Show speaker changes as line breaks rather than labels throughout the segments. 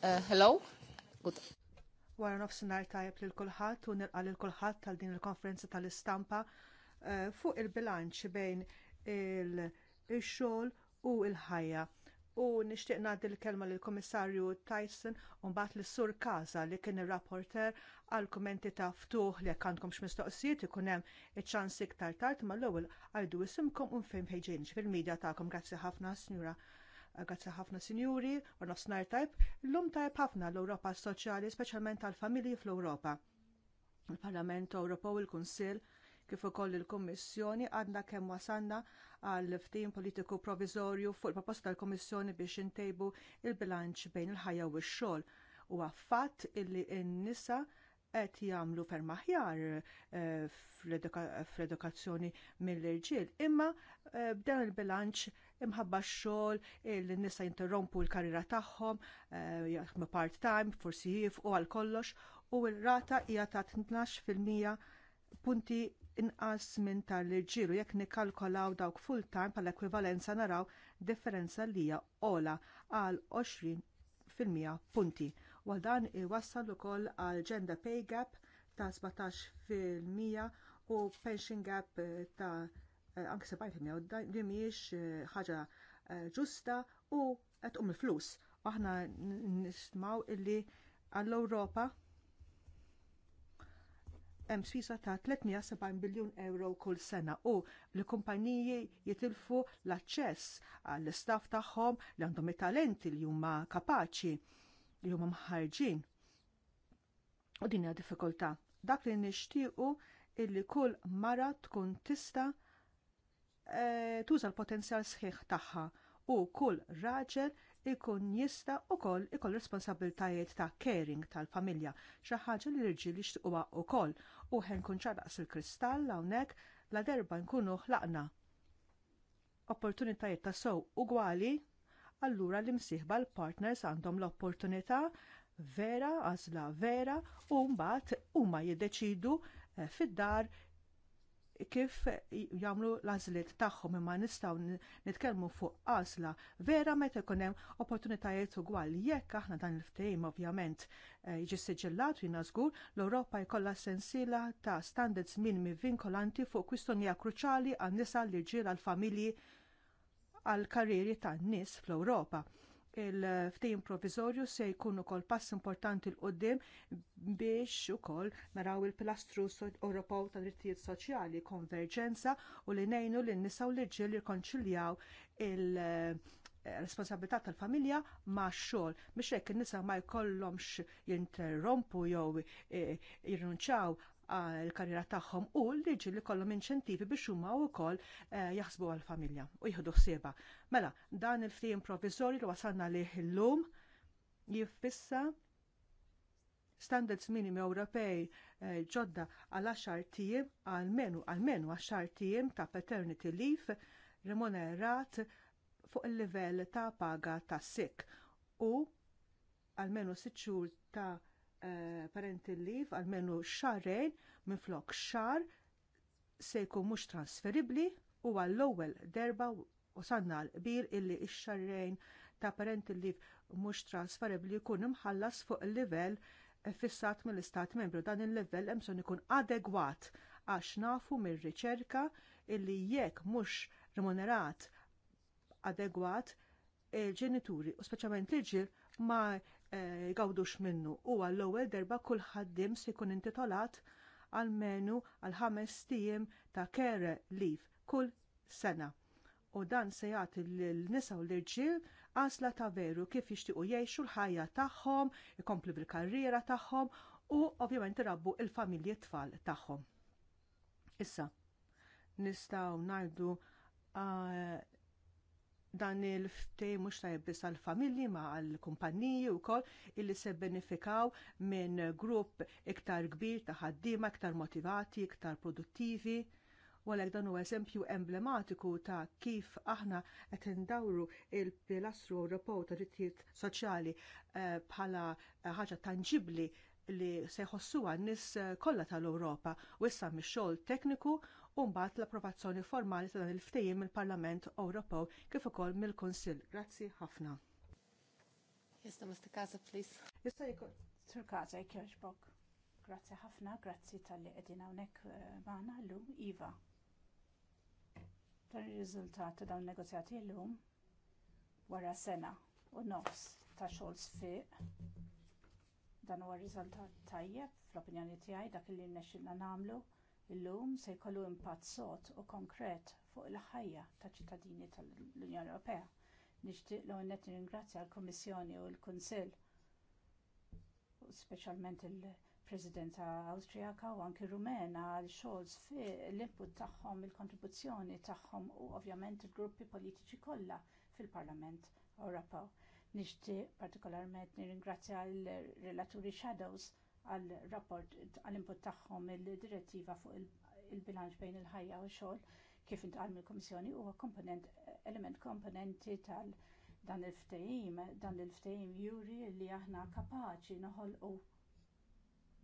Uh, hello? Good. Wara nofsinhar tajjeb lil kulħadd u nilqa' lil kulħadd tal din il-konferenza tal-istampa uh, fuq il-bilanċ bejn il-xogħol u l-ħajja. U nixtieq ngħaddi l-kelma lill komissarju Tyson u mbagħad lis sur Kaza li kien ir-rapporter għal kumenti ta' ftuħ li jekk għandkom x'mistoqsijiet ikun hemm iċ-ċans iktar tard mal-ewwel għajdu isimkom u fejn ħejġin fil-medja tagħkom. Grazzi ħafna, Sinjura Grazzi ħafna sinjuri, u nofsnar tajb, l-lum tajb ħafna l-Europa Soċjali, speċjalment għall familji fl-Europa. Il-Parlament Ewropew il-Kunsill kif ukoll il-Kummissjoni għadna kemm wasanna għal ftim politiku proviżorju fuq il-proposta tal-Kummissjoni biex intejbu l bilanċ bejn il-ħajja u x-xogħol. U għaffat illi n-nisa qed jagħmlu ferm aħjar eh, fl-edukazzjoni mill-irġiel, imma eh, b'dan il-bilanċ imħabba x-xogħol, il-nisa jinterrompu l-karriera tagħhom, eh, jaħdmu part-time, forsi jif, u għal kollox, u l-rata hija ta' 12% punti inqas minn tal-ġiru jekk nikkalkolaw dawk full-time pal ekwivalenza naraw differenza li hija ola għal 20% punti. Wal dan iwassal ukoll għal gender pay gap ta' 17% u pension gap eh, ta' anke se bajt li mhijiex ħaġa ġusta u qed um il-flus. Aħna nismaw illi għall-Ewropa hemm spisa ta' 370 biljun euro kull sena u li kumpaniji jitilfu l-aċċess għall istaff tagħhom li għandhom it-talenti li huma kapaċi li huma mħarġin. U din hija diffikultà. Dak li nixtiequ illi kull mara tkun tista' E, tuża l-potenzjal sħiħ tagħha u kull raġel ikun jista wkoll ikoll responsabiltajiet ta' caring tal-familja, xi ħaġa li l-irġiel jixtiequha wkoll u ħen kun ċaraqs il-kristall hawnhekk la derba nkunu ħlaqna. Opportunitajiet ta' sew ugwali, allura l-imsieħba l-partners għandhom l-opportunità vera, għażla vera, u mbagħad huma jiddeċidu eh, fid-dar kif jagħmlu l-għażliet tagħhom imma nistgħu nitkellmu fuq għażla vera meta jkun hemm opportunitajiet ugwali jekk aħna dan il-ftehim ovvjament eh, jiġi siġillat jina żgur l-Ewropa jkollha sensiela ta' standards minimi vinkolanti fuq kwistjonija kruċjali għan nisa l-irġiel għall familji għall karrieri tan nies fl-Ewropa il-ftejn provizorju se jkun ukoll pass importanti l-qoddim biex ukoll naraw il-pilastru Ewropew ta' drittijiet soċjali, konverġenza u li ngħinu lin nisa u l-irġiel jirkonċiljaw il-responsabilità tal-familja ma' xogħol biex hekk in-nisa ma jkollhomx jinterrompu jew eh, jirrinunċaw l-karriera tagħhom u liġi li kollhom inċentivi biex huma wkoll eh, jaħsbu għall-familja u jieħdu ħsiebha. Mela, dan il-ftehim provizorju li wasalna lih illum jiffissa standards minimi Ewropej eh, ġodda għal 10 tiem menu għalmenu għaxar tiem ta' paternity leave remunerat fuq il-livell ta' paga ta' sik u għalmenu sitt xhur ta' Eh, parental leave għalmenu xarrejn minflok xar se jkun mhux transferibbli u għall-ewwel derba u sanna l-kbir illi x-xarrejn ta' parental leave mhux transferibbli jkun imħallas fuq il-livell eh, fissat mill-istat membru dan il-livell hemm bżonn ikun adegwat għax nafu mir-riċerka illi jekk mhux remunerat adegwat il-ġenituri u speċjalment l-ġil ma jgawdux eh, minnu. U għall-ewwel darba kull ħaddiem se jkun intitolat għal menu għal ħames tiem ta' care leave kull sena. U dan se jagħti l-nisa u l-irġiel għażla ta' veru kif jixtiequ jgħixu l-ħajja tagħhom, ikomplu bil-karriera tagħhom u ovvjament irabbu l familji tfal tagħhom. Issa, nistgħu ngħidu eh, dan il-ftej mhux tajjeb biss għall familji ma għall kumpanniji wkoll illi se benefikaw minn grupp iktar kbir ta' ħaddiema iktar motivati, iktar produttivi. U għalhekk dan huwa eżempju emblematiku ta' kif aħna qed indawru l pilastru Ewropew ta' drittijiet soċjali eh, bħala ħaġa tangibbli li se jħossuha n-nies kollha tal-Ewropa u issa mix-xogħol tekniku u mbagħad l-approvazzjoni formali ta' dan il-ftehim mill-Parlament Ewropew kif ukoll mill-Kunsill. Grazzi ħafna. Jista' Mr. Kaza, please. Jista' jkun Sir
Grazzi ħafna, grazzi tal-li qegħdin hawnhekk eh, magħna llum Iva. Dan ir-riżultat ta' dawn negozjati llum wara sena u nofs ta' xogħol sfiq dan huwa riżultat tajjeb fl-opinjoni tiegħi dak li nexxilna nagħmlu illum se jkollu impatt sod u konkret fuq il-ħajja taċ ċittadini tal-Unjoni Ewropea. Nixtieq l net ringrazzja l-Kummissjoni u l-Kunsill, speċjalment il presidenta Awstrijaka u anki Rumena għal xogħol fi l-input tagħhom, il-kontribuzzjoni tagħhom u ovvjament il-gruppi politiċi kollha fil-Parlament Ewropew. Nixtieq partikolarment nirringrazzja l-relaturi Shadows għal rapport għall-input tagħhom il-direttiva fuq il-bilanċ bejn il-ħajja u xogħol kif intqal mill-Kummissjoni huwa komponent element komponenti tal dan il-ftehim, dan il-ftehim juri li aħna kapaċi noħolqu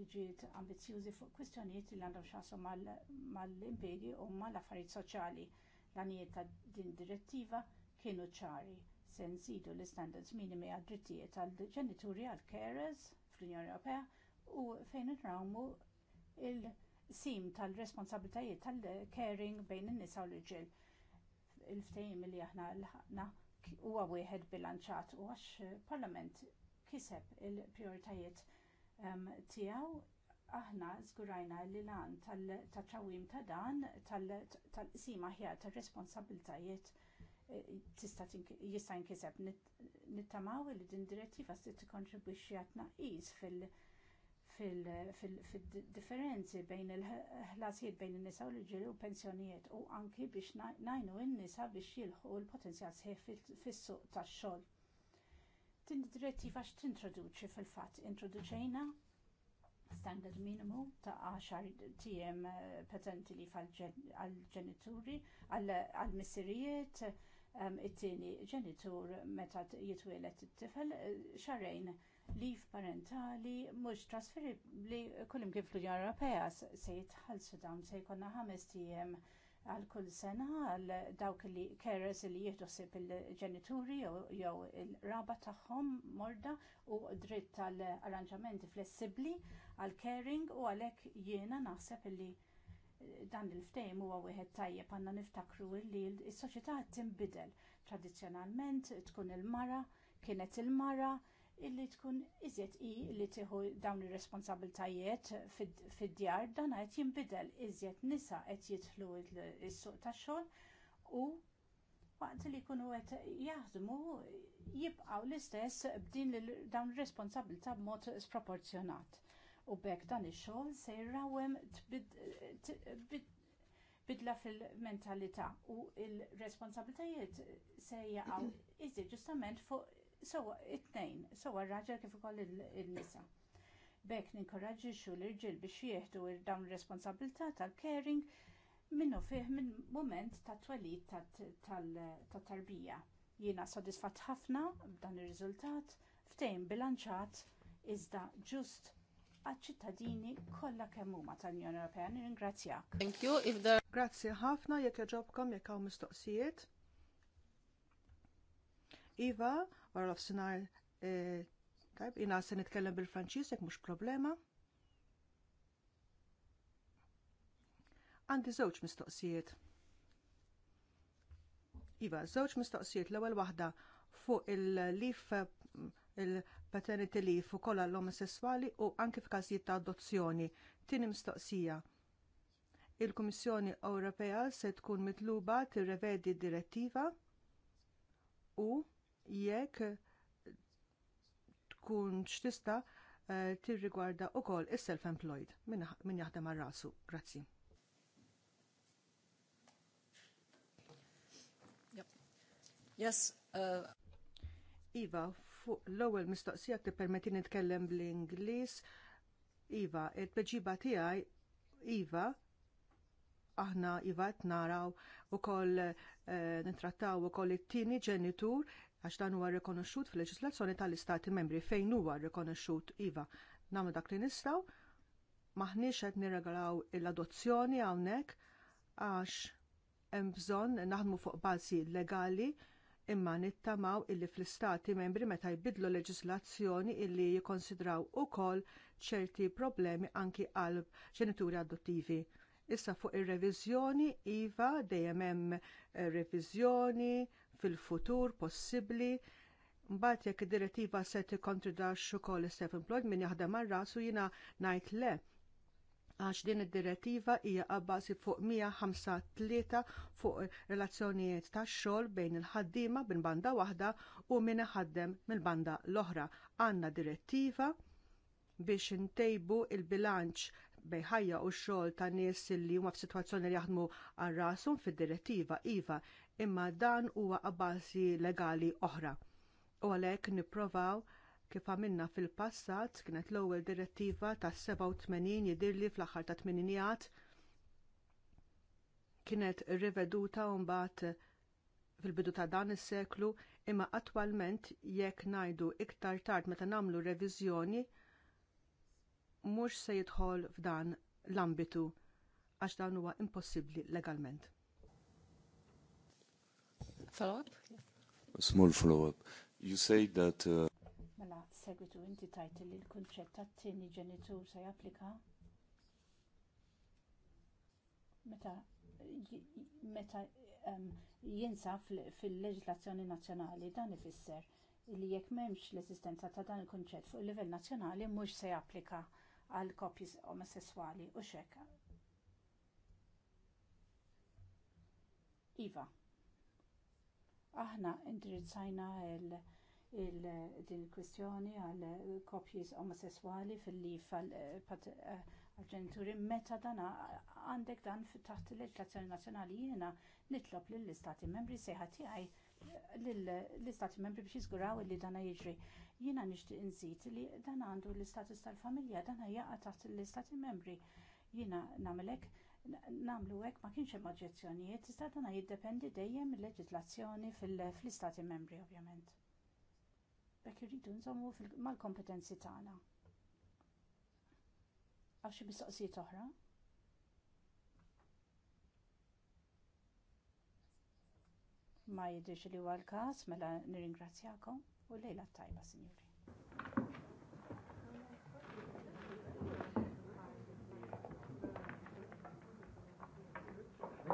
liġijiet ambizjużi fuq kwistjonijiet li għandhom xasom mal-impjegi u mal-affarijiet soċjali. L-għanijiet ta' din direttiva kienu ċari se nżidu l istandards minimi għad drittijiet għall ġenituri għall carers fl-Unjoni Ewropea u fejn nrawmu il-sim tal-responsabiltajiet tal-caring bejn in-nisa u l-irġiel. Il-ftehim li aħna l-ħakna huwa wieħed bilanċat u għax Parlament kiseb il-prioritajiet um, tiegħu aħna żgurajna li lan tal-ċawim ta' dan tal-qsim aħjar tar-responsabiltajiet e, jista' jinkiseb nittamaw li din direttiva se tikkontribwixxi għat tnaqqis fil- fil-differenzi bejn il-ħlasijiet bejn in-nisa u l-ġiri u pensjonijiet u anki biex najnu in-nisa biex jilħu l-potenzjal sħiħ fis-suq tax-xogħol. Din direttiva x-tintroduċi fil-fatt introduċejna standard minimu ta' 10 tiegħek eh, patenti li għal-ġenituri, għal-missirijiet, eh, um, it-tieni ġenitur meta jitwielet it-tifel eh, xarejn lif parentali mhux trasferibbli kullim kif l-Unjoni Ewropea se jitħallsu dawn se jkollna ħames tiem għal kull sena għal dawk li keres li jieħdu sib il-ġenituri jew il-raba tagħhom morda u dritt tal arranġamenti flessibbli għal caring u għalhekk jiena naħseb li eh, dan il-ftejm huwa wieħed tajjeb għandna niftakru li s-soċjetà tinbidel. Tradizzjonalment tkun il-mara, kienet il-mara, illi tkun iżjed i li tieħu dawn ir-responsabiltajiet fid-djar dan qed jinbidel iżjed nisa qed jidħlu s-suq tax-xogħol u waqt li jkunu qed jaħdmu jibqgħu l-istess b'din dawn ir-responsabilità b'mod sproporzjonat. U bekk dan ix-xogħol se jrawhem bidla fil-mentalità u l-responsabiltajiet se jaqgħu iżjed ġustament fuq Sowa it-tnejn, sewa r-raġel kif ukoll il-nisa. Bek ninkoraġġixxu l-irġiel biex jieħdu dawn ir-responsabilità tal-caring minnu fih minn mument ta' twelid tat-tarbija. Jiena sodisfatt ħafna b'dan ir-riżultat ftejn bilanċat iżda ġust għal-ċittadini kollha kemm huma tal-Unjoni Ewropea. Nirringrazzjak. Thank
you. If there... Grazzi ħafna jekk jaġobkom jekk hawn mistoqsijiet. Iva, għara l-ofsinar, eh, tajb, jina se nitkellem bil-Franċis, jek mux problema. Għandi żewġ mistoqsijiet. Iva, żewġ mistoqsijiet, l-ewwel waħda fuq il-lif il-paternity lif u kolla l-omosessuali u anke f'każijiet ta' adozzjoni. Tieni mistoqsija. Il-Kummissjoni Ewropea se tkun mitluba tirrevedi d direttiva u jekk tkun x'tista' eh, tirrigwarda wkoll is-self-employed min jaħdem għal rasu. Grazzi. Yes. Uh, iva, fuq l-ewwel mistoqsija tippermetti nitkellem bl-Ingliż. Iva, il-tweġiba tiegħi Iva, aħna Iva qed naraw ukoll e, nittrattaw ukoll it-tieni ġenitur għax dan huwa rikonoxxut fil-leġislazzjoni tal-istati membri fejn huwa rikonoxxut iva. Nagħmlu dak li nistgħu maħniex qed nirregolaw l-adozzjoni hawnhekk għax hemm bżonn naħdmu fuq bażi legali imma nittamaw illi fl-istati membri meta jbidlu leġiżlazzjoni illi jikkonsidraw ukoll ċerti problemi anki għal ġenituri adottivi. Issa fuq ir reviżjoni iva dejjem hemm eh, reviżjoni fil-futur possibbli Mbagħad jekk id-direttiva se tikkontridax ukoll is-self-employed min jaħdem għal rasu jiena ngħid le għax din id-direttiva hija qabbasi fuq 153 fuq relazzjonijiet tax-xogħol bejn il-ħaddiema minn banda waħda u min iħaddem mill-banda l-oħra. Għandna direttiva biex intejbu l bilanċ bejħajja u xogħol ta' nies li huma f'sitwazzjoni li jaħdmu għal rashom fid-direttiva iva, imma dan huwa bażi legali oħra. U għalhekk nipprovaw kif għamilna fil-passat kienet l-ewwel direttiva tas 87 jidhirli fl-aħħar ta' 80 kienet riveduta u mbagħad fil-bidu ta' dan is-seklu imma attwalment jekk ngħidu iktar tard meta nagħmlu reviżjoni mhux se jidħol f'dan l-ambitu għax dan huwa impossibbli legalment. Follow-up?
Small follow-up. You say that... Uh, mela, segwitu inti tajti li l-kunċett tat-tieni ġenitur se japplika? Meta meta jinsa fil-leġislazzjoni nazzjonali dan ifisser li jekk m'hemmx l-esistenza ta' dan il-kunċett fuq il-livell nazzjonali mhux se japplika għal koppji omosessuali u xekka. Iva, aħna indirizzajna il- il din kwistjoni għal koppji omosessuali fil-lif għal-ġenituri eh, meta dan għandek dan taħt il-leġlazzjoni nazzjonali jiena nitlob lill istati membri seħa tiegħi l-istati membri biex jiżguraw li dana jiġri. Jiena nixtieq inżid li dan għandu l-istatus tal-familja, dana jaqa taħt l-istati membri. Jiena nagħmelek namlu hekk ma kienx hemm oġġezzjonijiet, iżda dana jiddependi dejjem mill-leġislazzjoni fl-istati membri ovvjament. Bekk irridu nżommu mal-kompetenzi tagħna. Għaxi bistoqsijiet oħra? ma jidhirx li huwa l-każ mela nirringrazzjakom u lejla tajba, Sinjuri.